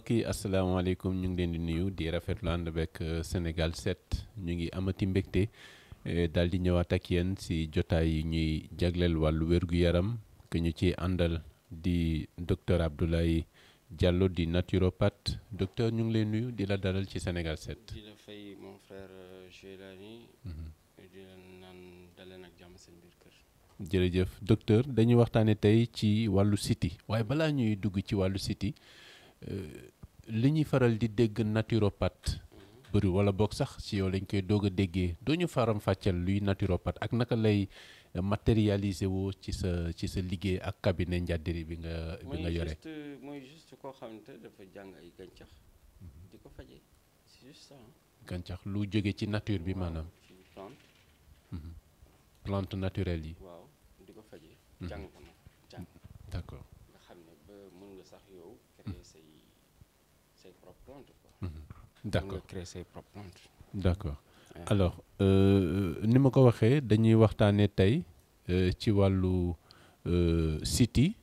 mbokk yi asalaamaaleykum ñu ngi leen di nuyu di rafet rafetlu ànd beeg euh, Sénégal set ñu ngi amati mbégte euh, daal di ñëwaat ak yéen si jotaay yi ñuy jagleel wàllu wér-gu-yaram que ñu ci àndal di docteur Abdoulaye Diallo di naturopathe docteur ñu ngi leen nuyu di la dalal ci Sénégal set di la fay mon frère euh, Jelani mm-hmm. naan daleen ak jàmm seen biir dañuy waxtaane tey ci wàllu siti waaye balaa ñuy dugg ci wàllu siti li ñuy faral di dégg naturopathe bëri wala boog sax si yow lañ koy doog a déggee doo faram fàcceel luy naturopathe ak naka lay matérialiser woo ci sa ci sa liggéey ak cabinet njàddiri bi nga bi nga yore mooy juste koo xamante dafa jàng gàncax mhm. di ko fajee c'est gàncax lu jóge ci nature bi maanaam plante mhm. plante naturelle yi waaw di ko fajee mhm. jàng ko nga mën nga sax yow ses propres comptes quoi. Mhm. d' accord créer ses euh, ni ma ko waxee dañuy waxtaanee tey euh, ci wàllu euh, site yi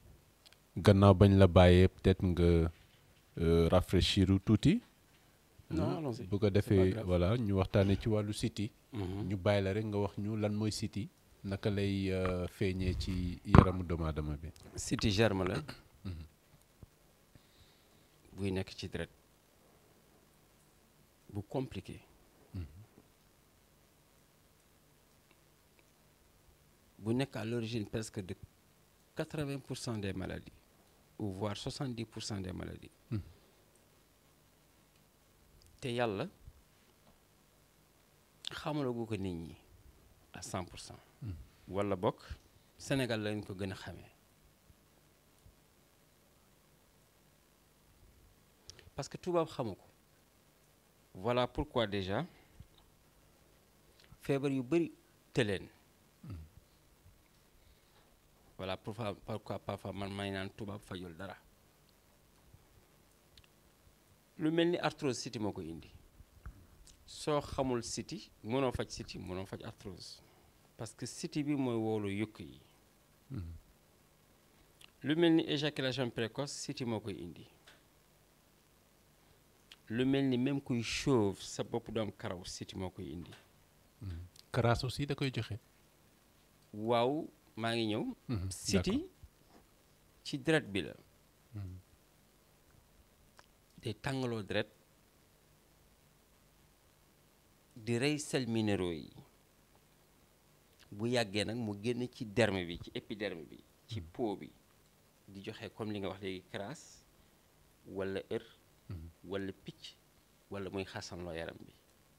gannaaw bañ la bàyyee peut-être nga rafraîchir tuuti. non hmm? bu ko defee voilà ñu waxtaanee ci wàllu siti mhm. ñu bàyyi la rek nga wax ñu lan mooy siti naka lay feeñee ci yaramu doomu aadama bi. site germe buy nekk ci deret bu compliqué mm-hmm. bu nekk à l'origine presque de quatre-vingts pour cent des maladies ou voire soixante-dix pour cent des maladies mm-hmm. te yàlla xamalagu ko nit ñi à cent pour cent mm-hmm. wala bokk Sénégal lañ ko gën a xamee parce que tubaab xamu ko voilà pourquoi déjà feebar yu bëri tëleen voilà pourquoi pourquoi parfois man may naan tubaab fajul dara lu mel ni arthrose city moo ko indi soo xamul siti mënoo faj city mënoo faj arthrose parce que city bi mooy woolu yukk yi hmm. lu mel ni éjaculation précoce city moo koy indi lu mel ni même kuy chauve sa bopp du am karaw siti moo koy indi. Hmm. karaas aussi da koy joxe. waaw maa ngi ñëw. Hmm, siti ci deret bi la. Hmm. day tàngaloo deret di rey sel minéraux yi bu yàggee nag mu génn ci derme bi ci épiderme bi ci po bi di joxe comme li nga wax léegi crasse walla ër wala picc wala muy xasanloo yaram bi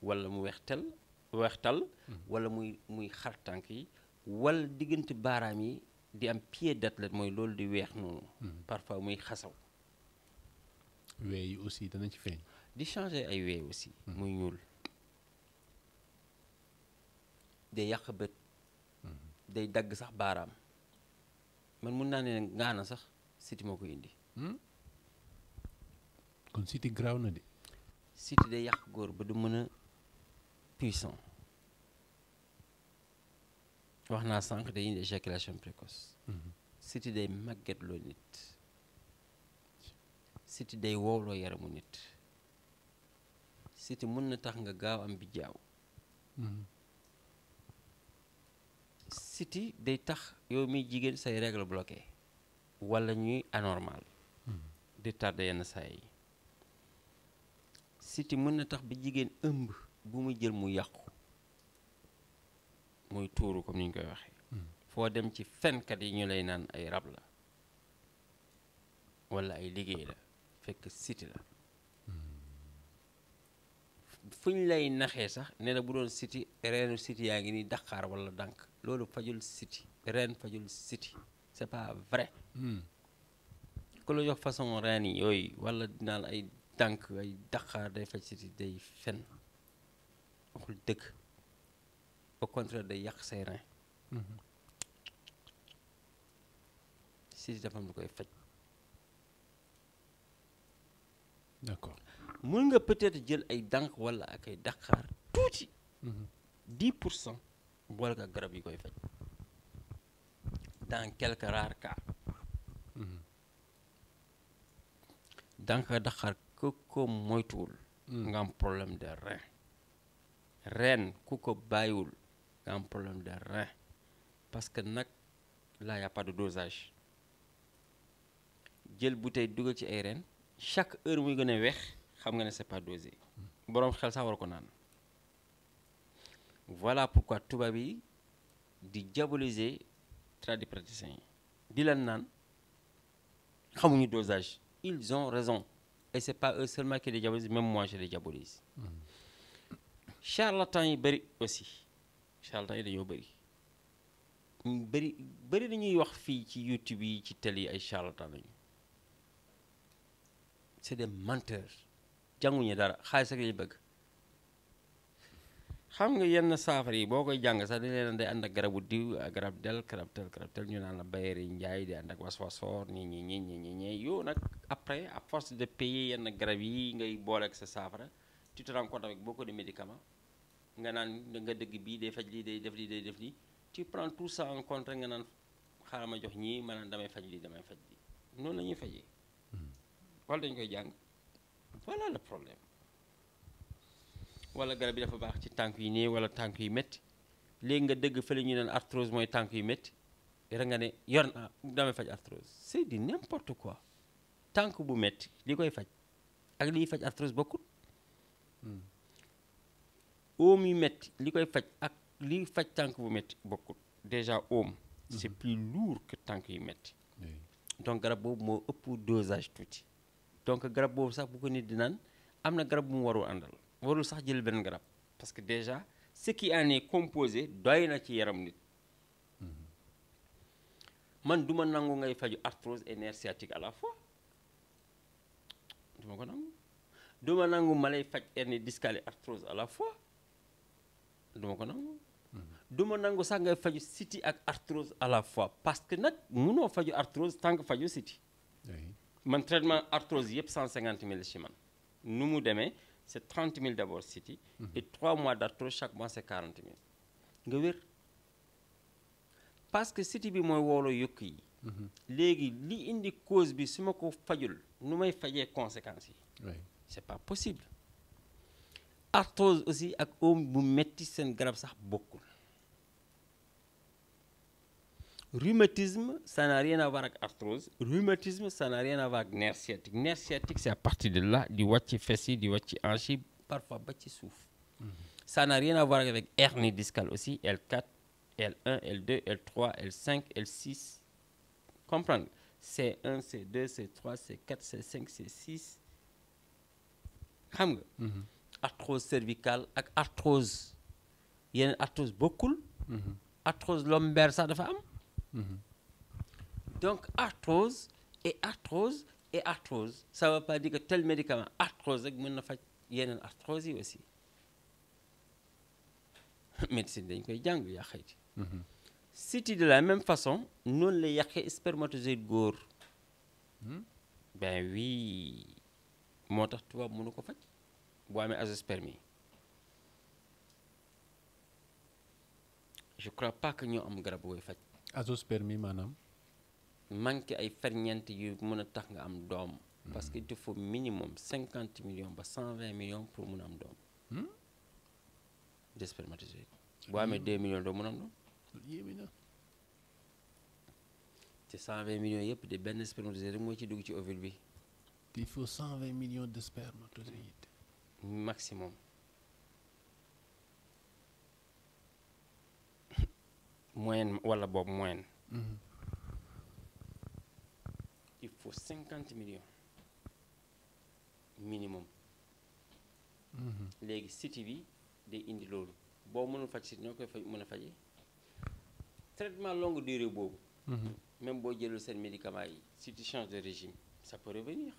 wala mu wextal weextal mm-hmm. wala muy muy xar tànk yi wala diggante baaraam yi di am pied d'athlète mooy loolu di weex noonu mm-hmm. parfois muy xasaw wee yi aussi dana ci feeñ di changer ay wee aussi mm-hmm. muy ñuul day yàq bët day dagg sax baaraam man mun naa ne ngaana sax siti moo ko indi hmm? kon City graaw na de. City day yàq góor ba du mën a puissant wax naa sànq day indi éjaculation précoce. Mhm. City day màgget loo nit. City day woowloo yaramu nit. City mën na tax nga gaaw am bijaaw. siti mhm. day tax yow miy jigéen say règle bloqué. wala ñuy anormal. Mhm. di tardé yenn saa yi. cité mën na tax ba jigéen ëmb bu mu jël mu yàqu muy tuuru comme ni ñu koy waxee. Hmm. foo dem ci fenkat yi ñu lay naan ay rab la walla ay liggéey la fekk cité la hmm. fu ñu lay naxee sax ne bu doon siti reenu cité yaa ngi ni daqaar walla dànk loolu fajul siti reen fajul siti c'est pas vrai. Hmm. ku la jox façon reen yi yooyu walla dinaa la ay. tànk ay daqaar day faj siti day fen waxul dëgg au contraire day yàq say rein mhm. siti dafa lu koy faj d'accord mun nga peut-être jël ay dànk wala ak ay daqaar tuuti mhm. dix pour cent boole ko garab yi koy faj dans quelques rares cas mhm. dànk daqaar ku ko moytuwul hmm. nga am problème de rein rein ku ko bàyyiwul nga problème de rein parce que nag là y de dosage jël bu bouteille dugal ci ay reen chaque heure muy gën a weex xam nga ne c'est pas dosé hmm. boroom xel sax war ko naan voilà pourquoi tubaab yi di diaboliser tradipraticiens yi di leen naan xamuñu dosage ils ont raison et c'est pas eux seulement qui les diabolisent même moi je les diabolise yi bëri aussi charlatan yi dañoo bëri ñu bëri nañuy wax fii ci YouTube yi ci télé yi ay charlatan lañu c'est des menteurs jànguñu dara xaalis rek lañu bëgg xam nga yenn saafara yi boo koy jàng sax dañ leen day ànd ak garabu diw garab del garab tel garab tel ñu naan la bayeri njaay di ànd ak waswasoor ñi ñi ñi ñi ñi ñi yow nag après à force de payer yenn garab yi ngay boole sa saafara tu te rends compte avec beaucoup de médicaments nga naan nga dëgg bii day faj lii day def lii day def li tu prends tout ça en nga naan xaaral ma jox ñii ma naan damay faj lii damay faj lii noonu la ñuy fajee wala hmm. dañ koy jàng voilà le wala garab bi dafa baax ci tànk yi nii wala tànk yi métti léegi nga dëgg fële ñu neen arthrose mooy tànk yu métti yara nga ne yor damay faj arthrose c'est di n'importe quoi tànk bu métti li koy faj ak liy faj arthrose bokkul hmm. oom yu métti li koy faj ak liy faj tànk bu métti bokkut déjà oom hmm. c'est plus lourd que tànk yi métti donc garab boobu moo ëpp dosage tuuti donc garab boobu sax bu ko nit di naan am na garab bu mu warul àndal warul sax jël benn garab parce que déjà ce qui en composé doy na ci yaram nit man duma nangu ngay faju arthrose et nerf sciatique à la fois duma ko nangu duma nangu ma lay faj hernie discale arthrose à la fois duma ko nangu duma nangu sax ngay faju siti ak arthrose à la fois parce que nag munoo faju arthrose tant que faju siti man traitement arthrose yëpp cent 000 la si man nu mu demee c'est trente mille d'abord city et 3 mois d'arthrose chaque mois c'est 40 000 nga wér parce que city bi mooy woolo yokk yi léegi li indi cause bi su ma ko fajul nu may fajee conséquences yi c'est pas possible arthrose aussi ak oom bu metti seen garab sax bokkul rhumatisme, ça n'a rien à voir avec arthrose. Rhumatisme, ça n'a rien à voir avec nerf sciatique. c'est à partir de di wàcc fes yi di wàcc hanche yi parfois ba ci suuf. Mm-hmm. Ça n'a rien à voir aussi, L4, L1, L2, L3, L5, L6. Comprendre? C1, C2, C3, C4, C5, c mm-hmm. ak arthrose yeneen arthrose bokkul. Mm-hmm. arthrose lombaire sax dafa am. Mm-hmm. donc arthrose et arthrose et arthrose ça veut pas dire que tel médicament arthrose rek mën na faj yeneen arthrose yi aussi médecine dañ koy jàng yaa xayti mm-hmm. siti de la même façon noonu la yàqee spermatozoïde góor hmm? ben oui moo tax tubaab mënu ko faj boo amee azoospermie je crois pas que ñoo am garab koy faj azoospermie maanaam. manqué ay ferñeent yu mën a tax nga am doom. parce que il te faut minimum cinquante million ba cent million pour mën a am doom. Hmm? de spermatozoïde. boo amee te cent vingt millions yëpp de benn spermatozoïde rek mooy ci dugg ci ovule bi. il faut cent vingt millions de spermatozoïdes. maximum. moyenne wala boobu moyenne. Mm-hmm. il faut cinquante millions minimum. Mm-hmm. léegi siti bi day indi loolu boo mënul faj city ñoo koy faj mën a fajee traitement longue durée boobu. Mm-hmm. même boo jëlul seen médicament yi si tu changes de régime ça peut revenir.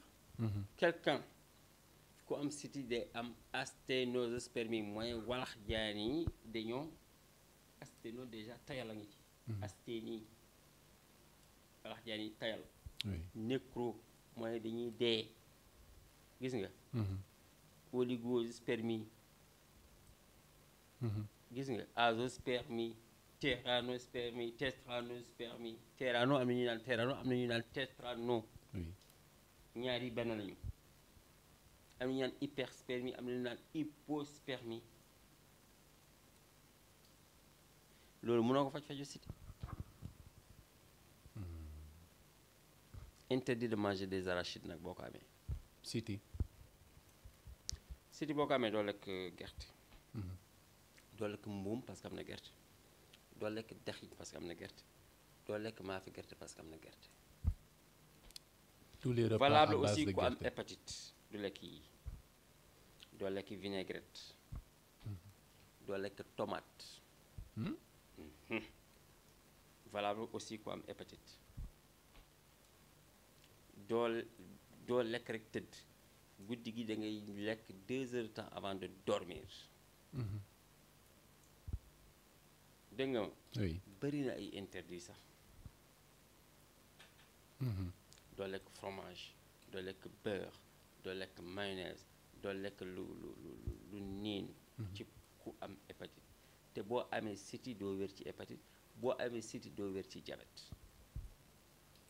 quelqu'un ku am city day am asténospermie mooy walax jaan yi dañoo. asteno déjà tayal a ngi ci mhm. asteni alax jaan yi tayal nécro mooy dañuy dee gis nga mhm. oligospermie mhm. gis nga azoospermie téranospermie tétranospermie térano am na ñuy naan térano am na ñu naan tétrano ñaari benn lañu am na ñu naan hyperspermie am na ñu naan hypospermie loolu mënoo ko faj faju siti hmm. interdit de manger des arachides nag boo ko amee. siti. siti boo ko amee doo lekk gerte. Hmm. doo lekk mbuum parce que am na gerte. doo lekk daxi parce que am na gerte. doo lekk maafe gerte parce que am na gerte. tous les repas valable aussi ku am hépatite du lekk yi. doo lekk vinaigrette. Hmm. doo lekk tomate. Hmm. valable aussi ku am hépatite doo doo lekk rek tëdd guddi gi da ngay lekk deux heures de temps avant de dormir hmm. dégg nga bëri ay interdit sax hmm. doo lekk fromage doo lekk beurre doo lekk mayonnaise doo lekk lu lu lu lu niin ci ku am hépatite boo amee siti doo wér ci hépatite boo amee siti doo wér ci diabète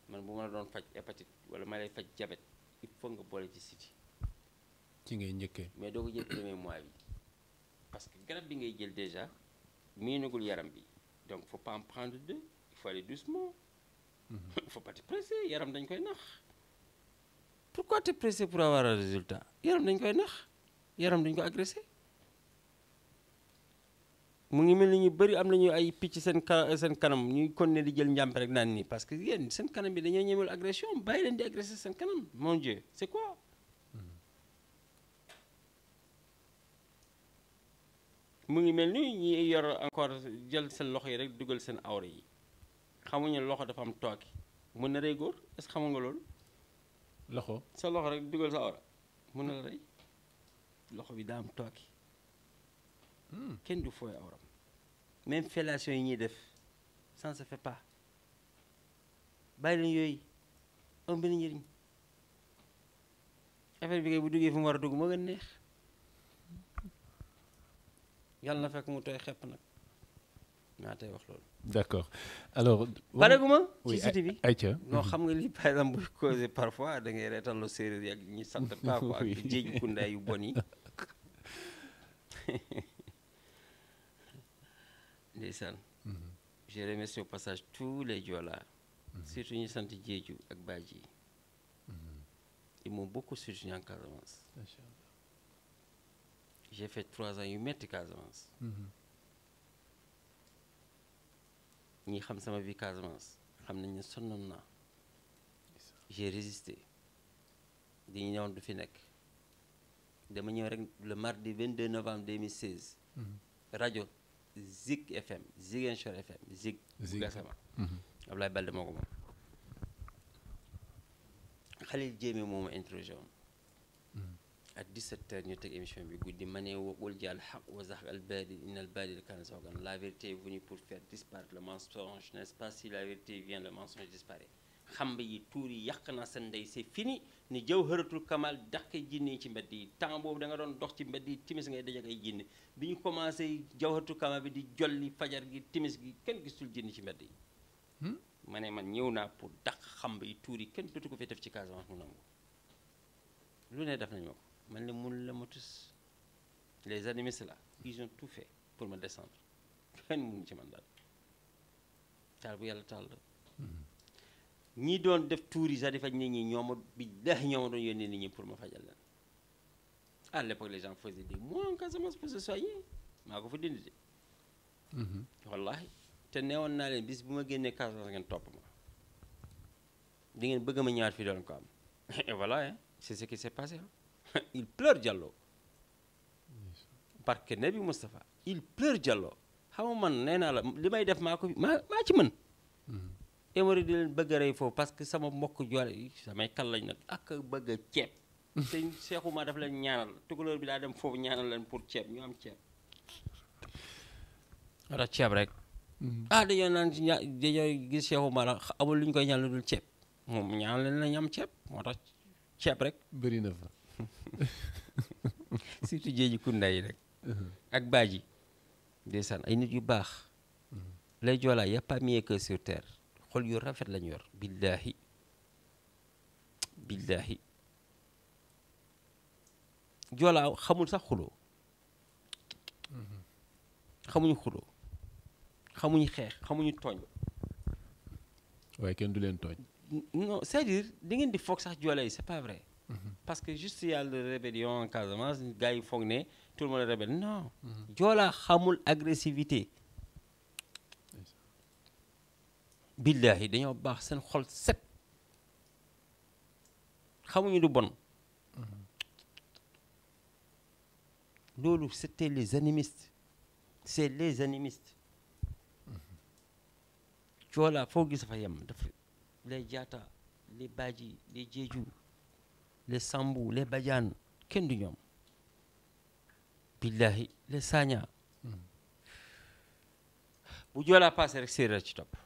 man bu ma la doon faj hépatite wala ma lay faj diabète il faut nga boole ci siti ci ngay njëkkee mais doo ko jël premier mois bi parce que garab bi ngay jël déjà miinagul yaram bi donc faut pas en prendre deux il faut mhm. yaram dañ koy nax pourquoi te presser pour avoir un résultat yaram dañ koy nax yaram dañ ko agressé mu ngi mel ni ñu bëri am na ñu ay picc seen ka seen kanam ñu kon continuer di jël njàmp rek naan nii parce que yéen seen kanam bi dañoo ñemewul agression bàyyi leen di agresser seen kanam mon dieu c'est quoi. Hmm. mu ngi mel ni ñu yor encore jël seen loxo yi rek dugal seen awra yi xamuñu loxo dafa am tooke mën na rey góor est xamu nga loolu. loxo sa loxo rek dugal sa awra mën na la rey loxo bi daa am tooke. kenn du fooy awram même fellation yi ñuy def ça ne se fait pas bàyyi leen yooyu am benn njëriñ affaire bi kay bu duggee fu mu war a dugg moo gën neex yàlla na fekk mu tooy xepp nag maa tey wax loolu. d'accord alors. pareeguma ci cité bi ayca noo mhm. xam nga li par exemple bu causé parfois da ngay reetaan lu séeréer yi ak ñi sant paa ko ak jéej kundaay yu bon yi. ndeysaan mhm. je remercie au passage tous les Joola mhm. surtout ñu sant Jeeju ak Baaji yi mhm. ils m'ont beaucoup soutenu en Casamance j'ai fait trois ans yu metti Casamance ñi xam sama vie Casamance xam nañ ne sonnoon naa j'ai résisté di ñu newoon du fi nekk dama ñëw rek le mardi 22 novembre 2016 rajo Zik FM Ziguinchor FM Zik. Zik FM mhm. Abdoulaye Balde moo ko moom. Khalil Jéeme moo ma introduit mhm. ak 17h ñu teg émission bi guddi ma ne waqul jaal xaq wa al baadil inna al baadil kaana zahuuqan la vérité venue pour faire disparaître le mensonge nest pas si la vérité vient le mensonge disparaît. xamba yi tuur yi yàq naa sa ndey c'est fini ni jawharatul kamal dàq jinne yi ci mbedd yi temps boobu da nga doon dox ci mbedd yi timis ngay dajak ay jinne bi ñu commencé jawharatul kamal bi di jolli fajar gi timis gi kenn gisul jinne ci mbedd yi hmm? ma ne man ñëw naa pour dàq xamba yi tuur yi kenn dootu ko fi def ci Casamance mu nangu lu ne def nañ ma ko man la mun la ma tus les animistes la ils tout fait pour me descendre kenn mënuñu ci man daal taal bu yàlla taal la hmm. ñi doon def tuur yi sax di faj nit ñi ma bi dex ñooma doon yónnee nit ñi pour ma fajal leen à l'époque les gens faisaient des mois en Casamance pour se soigner maa ko fa dindi de mhm. wallahi te neewoon naa leen bis bu ma génnee Casamance ngeen topp ma di ngeen bëgg ma ñaar fi doon ko am et voilà hein c'est ce qui s'est passé hein il pleure Diallo parce que Nabi Moustapha il pleure Diallo xama man nee naa la li may def maa ko maa maa ci mën mhm. hémorroïde di leen bëgg a rey foofu parce que sama mbokk joole samay kal lañ nag ak bëgg a ceeb sëñ seexuma daf leen ñaanal tukulóor bi daa dem foofu ñaanal leen pour ceeb ñu am ceeb wala rek mm-hmm. ah dañoo naan ci ña dañoo ñu koy ñaan lu dul ceeb moom ñaanal leen lañu am ceeb moo tax ceeb rek bëri na fa surtout jéeji kundaay yi rek uh-huh. ak baaji ndeysaan ay nit yu baax mm-hmm. lay Joola y a pas mieux terre xol yu rafet lañu yor billaahi billaahi joolaa xamul sax xuloo xamuñu xuloo xamuñu xeex xamuñu tooñ waaye kenn du leen tooñ non c'est-à-dire di ngeen di foog sax joola yi c'est pas vrai mhm. parce que juste y a Casamance gars yi foog ne tout le monde est rebelle non mhm. joolaa xamul agressivité billaahi dañoo baax seen xol set xamuñu lu bon mm-hmm. loolu c'était les animistes c'est les animistes coolaa mm-hmm. foo gis fa yem le jaata les baaji le jeeju les sambu les bajaan kenn du ñoom billaahi les saaña mm-hmm. bu joolaa passé rek séeréer ci topp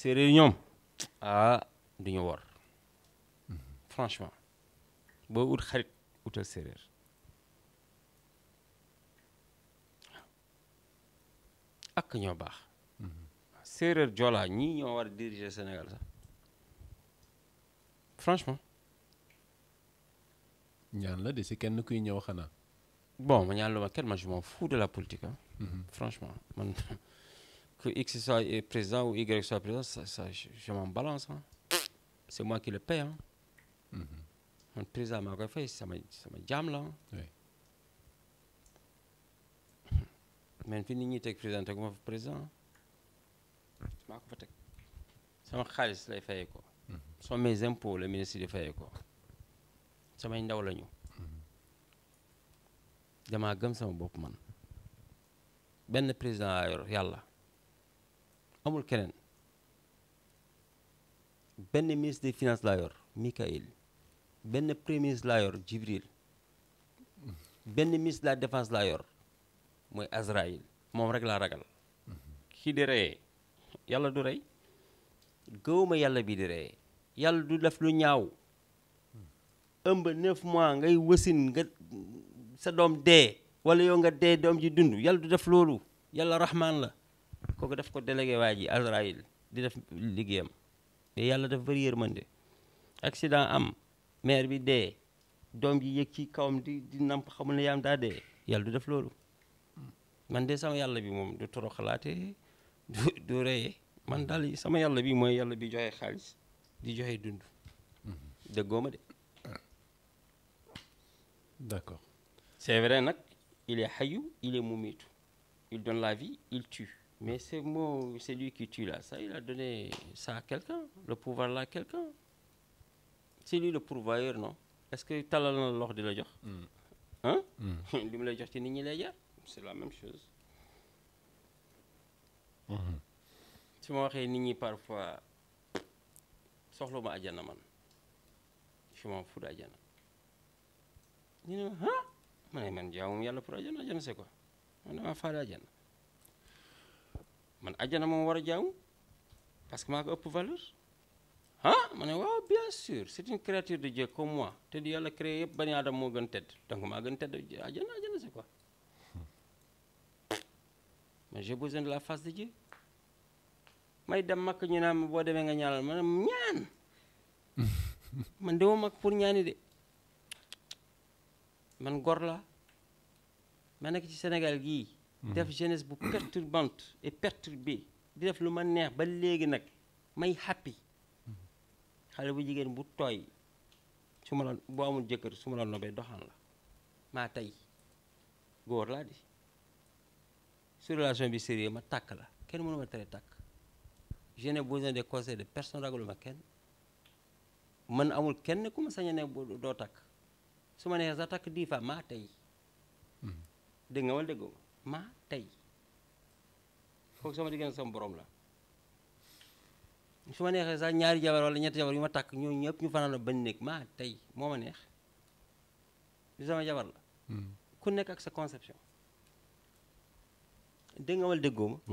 séeréer ñoom ah du ñu wor franchement boo ut xarit utal séeréer ak ñoo baax séeréer joolaa ñii ñoo war a diriger Sénégal sax franchement ñaan la de si kenn kuy ñëw xanaa bon ma ñaan lu ma kenn man je m'en de la politique mhm. franchement que X soit euh, président ou Y soit président, ça, ça, je, m'en balance. Hein. moi qui le paye. Mm-hmm. président m'a refait, ça me, ça me jamme là. Oui. fi nit ñi teg président teg ma fa président maa ko fa teg sama xaalis lay fayee mm-hmm. ko. sama mes impôts le ministre di fayee ko. samay ndaw lañu. Mm-hmm. damaa gëm sama bopp man. benn président yàlla. amul keneen benn ministre de finances laa yor Mikaël benn premier ministre laa yor Jibril benn ministre de la défense laa yor mooy Azraïl moom rek laa ragal kii di reyee yàlla du rey gëwuma yàlla bi di reyee yàlla du def lu ñaaw ëmb neuf mois ngay wasin nga sa doom dee wala yow nga dee doom ji dund yàlla du def loolu yàlla rahmaan la kooku def ko délégué waa ji Azraïl di def liggéeyam mais yàlla daf bëri yërmande accident am mère bi dee doom ji yëg kawam di di namp xamul ne yaam daa dee yàlla du def loolu man de sama yàlla bi moom du toroxalaate man daal sama yàlla bi mooy yàlla bi joxe xaalis di joxe dund mhm. dëggoo ma de d'accord nag il est hayu il est mumitu il donne la vie il tue Mais ces mots, c'est lui qui tue là. Ça, il a donné quelqu'un, le pouvoir là à quelqu'un. C'est lui le pourvoyeur, non Est-ce que talal na loxo di la jox. Hmm. Hein hmm. li mu lay jox ci nit ñi lay jaar c'est la même chose. Hmm. su ma waxee nit ñi parfois soxla ma àjjana man je m'en fous d'àjjana ñu ne ah ma ne man jaamum yàlla pour àjjana àjjana c'est quoi man damaa faale àjjana. man àjjana moom war a jaamu parce que maa ko ëpp valeur ah ma ne waaw bien sûr c' est créature de Dieu comme moi te di yàlla créé yëpp bani aadama moo gën tedd donc maa gën tedd àjjana àjjana c' est quoi man j'ai besoin de la face de Dieu may dem makk ñu naan boo demee nga ñaanal ma ne ñaan man dama mag pour ñaani de man gor la ma nekk ci Sénégal gii. Mmh. def jeunesse bu perturbante et perturbée di def lu ma neex ba léegi nag may happy mmh. xale bu jigéen bu tooy su ma la bu amul jëkkër su ma la nobee doxaan la maa tey góor laa di su relation bi sérieux ma takk la kenn mënu ma tere tàkk je n'ai besoin de conseil de person ragalu ma kenn man amul kenn ku ma sañ a ne doo takk su ma neexee sax takk dix fois maa tey mmh. dégg nga wala déggoo ma tey kooku sama diggante sama borom la su ma neexee sax ñaari jabar wala ñetti jabar yu ma takk ñooñu ñëpp ñu fanaan bañ nekk ma tey moo ma neex du sama jabar la hmm. ku nekk ak sa conception dégg nga wala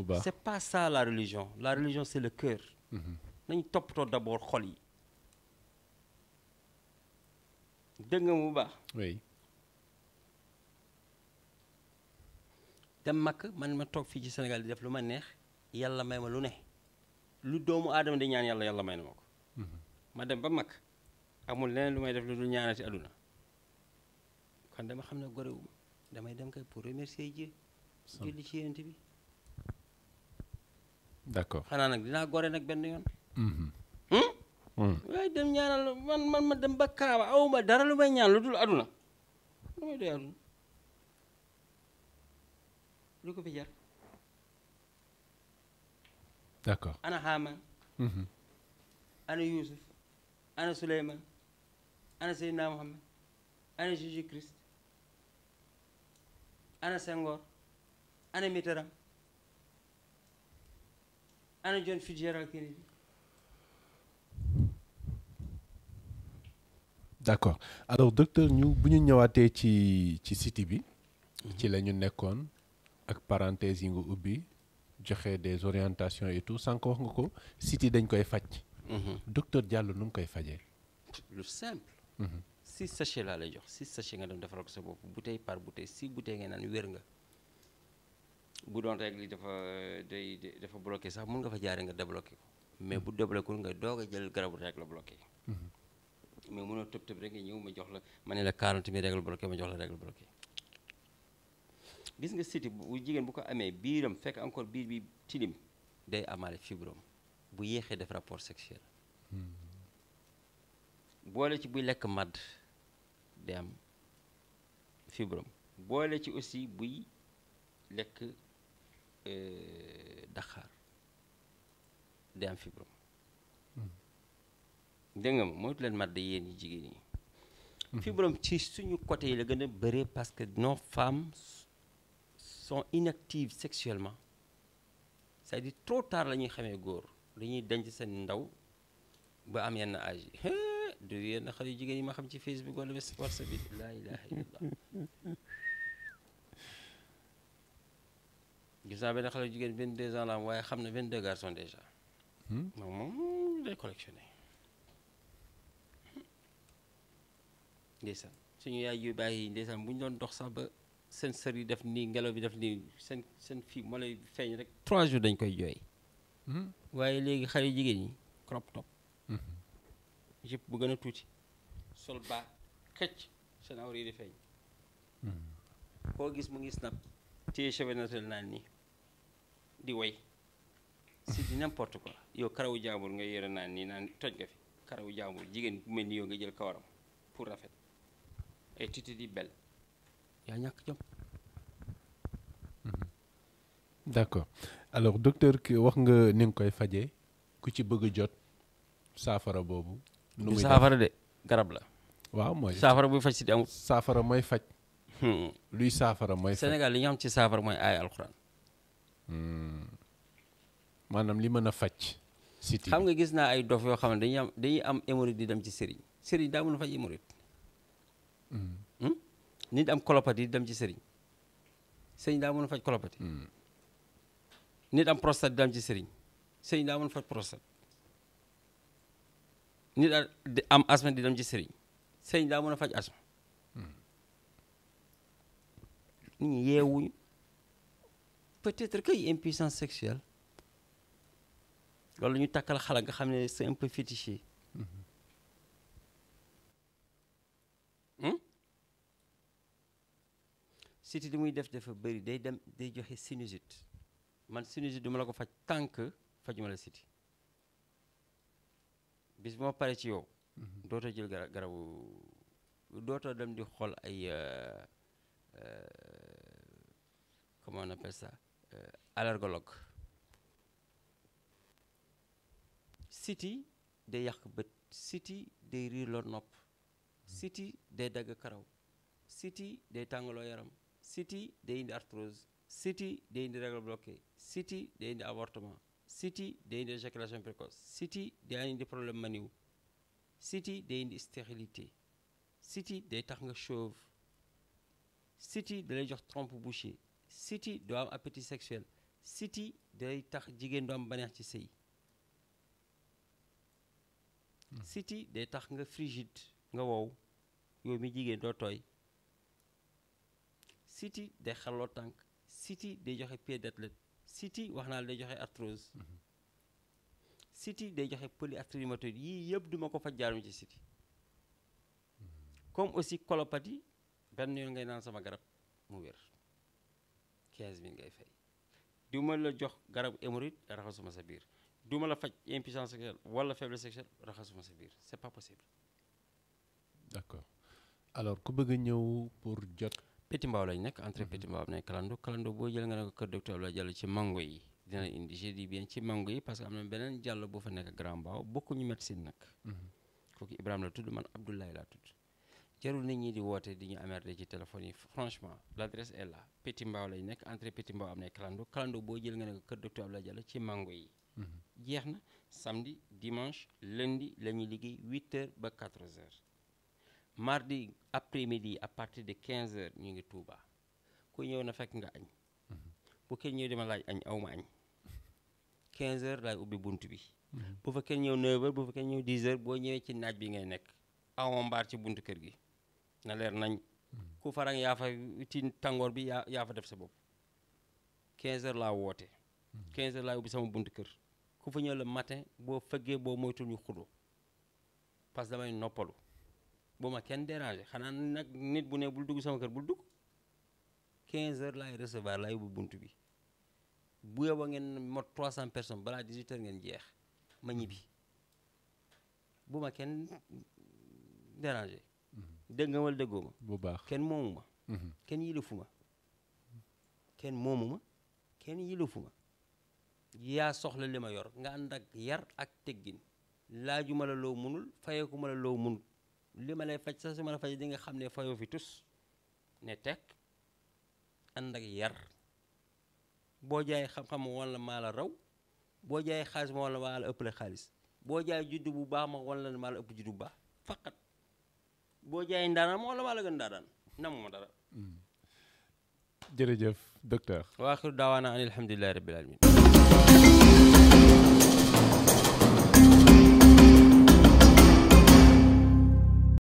ma c'est pas ça la religion la religion c'est le cœur hmm. nañ toppatoo d'abord xol yi dégg nga baax dem makk man ma toog fii ci Sénégal di def lu ma neex yàlla may ma lu ne lu doomu aadama di ñaan yàlla yàlla may na ma ko mm-hmm. ma dem ba makk amul leneen lu may def lu dul ñaanati àdduna kon dama xam ne gorewuma damay dem kay pour remercier ji xanaa nag dinaa gore nag benn yoon mm-hmm. hmm? mm. waaye dem ñaanal man ma dem ba kaaba awuma dara lu may ñaan lu dul àdduna lu may doy àdduna lu ko fi jar d'accord ana Haaman mm-hmm. ana Yuusuf ana Suleymaan ana Seydina Muhammad ana Jésus Christ ana Senghor ana Mitterrand ana John Fitzgerald Kennedy d'accord alors ñu bu ñu ñëwaatee ci ci cité bi ci la ñu nekkoon ak parenthèse yi nga ubbi joxe des orientations et tout sànq wax nga ko siti dañ koy faj. Mhm. docteur Diallo nu mu koy fajee. lu simple. Mhm. six sachets laa lay jox si sachets nga dem defaral ko sa bopp bouteille par bouteille six bouteilles nga naan wér nga. bu doon rek li dafa day dafa bloqué sax mun nga fa jaare nga débloqué ko mais bu mhm. débloqué nga doog a jël garabu rek la bloqué. mais mënoo tëb tëb rek nga ñëw ma jox la ma ne la quarante mille règle bloqué ma jox la règle bloqué. gis nga siti bu jigéen bu ko amee biiram fekk encore biir bi tilim day amaale fibrom bu yéexee def rapport sexuel hmm. boole ci buy lekk màdd day am fibrom boole ci aussi buy lekk euh, daxaar day am fibrom hmm. dégg nga moytu leen màdd yéen yi jigéen yi hmm. fibrom ci suñu côté yi la gën a bëree parce que nos sont inactives sexuellement c'est-à-dire trop tard la ñuy xamee góor dañuy denc seen ndaw ba am yenn âge yi du yenn xale yu jigéen yi ma xam ci Facebook wala WhatsApp bi laa ilaha illallah gis naa benn xale jigéen benn deux ans la am waaye xam na vingt deux garçons déjà hmm? moom moom day collectionné ndeysaan suñu yaay yu bàyyi ndeysaan bu ñu doon dox sax seen sër yi def nii ngelaw bi def nii seen seen fii moo lay feeñ rek trois jours dañ koy jooy hmm? waaye léegi xale jigéen ñi crop top hmm. jip bu gën a tuuti sol baa këcc seen awra di feeñ hmm. koo gis mu ngi snap téye cheveux naturel naan nii di woy si di n'importe quoi yow karawu jaambur nga yore naan nii naan toj nga fi karawu jaambur jigéen bu mel ni yow nga jël kawaram pour rafet ay titi di bel yaa ñàkk jom mhm. d'accord alors docteur ki wax nga ni nga koy fajee ku ci bëgg jot saafara boobu saafara de garab la waaw mooy saafara buy faj si di saafara mooy faj hmm. luy saafara mooy Sénégal li ñu xam ci saafara mooy aaya alxuraan hmm. maanaam li mën a faj siti xam nga gis naa ay dof yoo xam ne dañuy am dañuy am hémorroïde di dem ci sëriñ sëriñ daa mën a faj hémorroïde hmm. nit am colopathie dem ci sëriñ sëriñ daa mën a faj colopathie. Hmm. nit am prostate dem ci sëriñ sëriñ daa mën a faj prostate. nit am asthme di dem ci sëriñ sëriñ daa mën a faj asthme. Hmm. nit ñi yeewuñu peut-être que impuissance sexuelle loolu ñu takkal xala nga xam ne c'est un peu siti di muy def dafa bëri day dem day joxe sinusite man sinusite du ma la ko faj tant que fajuma la siti bis moo pare ci yow mhm. dootoo jël gara garabu dootoo dem di xool ay euh, euh, comment on appelle ça euh, allergologue siti day yàq bët siti day riir loo nopp mhm. siti day dagg karaw siti day tàngaloo yaram siti day indi arthrose siti day indi règle bloquée city day indi avortement siti day indi éjaculation précoce city day indi problème maniw city day indi stérilité siti day tax nga chauve siti dalay jox trompe bouchée city doo am appétit sexuel siti day tax jigéen du am baneex ci sëy siti hmm. day tax nga frigide nga wow yow mi jigéen doo tooy City day xarloo tànk City day joxe pied d'athlète City wax naa la day joxe arthrose mhm. City day joxe polyarthrite rhumatoïde yii yëpp duma ko faj jaarum ci City comme aussi colopathie benn yoon ngay naan sama garab mu wér 15000 ngay fay du ma la jox garabu hémorroïde raxasuma sa biir du ma la faj impuissance sexuelle wala faiblesse sexuelle raxasuma sa biir c'est pas possible. d'accord alors ku bëgg ñëw pour jot. Petit Mbao lañ nekk entre mhm. Petit Mbao am na Kalando Kalando boo jël nga ne ko kër docteur Abdoulaye Diallo ci mango yi dina yi parce que am na beneen boo fa nekk Grand Mbao mhm. Ibrahima la tudd man Abdoulaye laa tudd. jarul nit ñi di woote di ñu amerde ci téléphone yi franchement l' adresse est là Petit Mbao lañ nekk entre Petit Mbao am na Kalando boo jël nga ne ko kër docteur Abdoulaye mango yi. Mhm. jeex na samedi dimanche lundi la ñuy liggéey 8h ba 14h. mardi après-midi a partir de quinze heures ñu ngi Touba ku ñëw na fekk nga añ mhm. bu kenn ñëw dama laaj añ awma añ 15 heures laay ubbi bunt bi mhm. bu fa kenn ñëw 9 heures bu fa kenn ñëw 10 heures boo ñëwee ci naaj bi ngay nekk awma mbaar ci buntu kër gi na leer nañ mhm. ku farang yaa fa ci tàngoor bi yaa yaa fa def sa bopp quinze heures laa woote 15 heures laay ubbi sama buntu kër ku fa ñëw le matin boo fëggee boo moytul ñu xudo que damay noppalu bu ma kenn dérangé xanaa nag nit bu ne bul dugg sama kër bul dugg 15 heures laay recevoir laay ubbi bunt bi bu yeboo ngeen mot 300 personnes balaa 18 ngeen jeex ma ñibbi bu ma kenn dérangé. dégg nga wala déggoo ma. bu baax kenn moomu ma. Mhm. kenn yilifu ma. kenn moomu ma kenn yilifu ma. yaa soxla li ma yor nga ànd ak yar ak teggin laaju ma la loo munul fayeeku la loo munul. li ma lay faj sax su ma la faj di nga xam ne fayoo fi tus ne teg ànd ak yar boo jaay xam-xam wala maa la raw boo jaay xaalis ma wala maa la ëpp la xaalis boo jaay juddu bu baax ma wala maa la ëpp juddu bu baax faqat boo jaay ndaanaan ma wala maa la gën ndaanaan namu ma dara. Hmm. jërëjëf docteur. waaxiru daawaana an alhamdulilahi rabbil alamin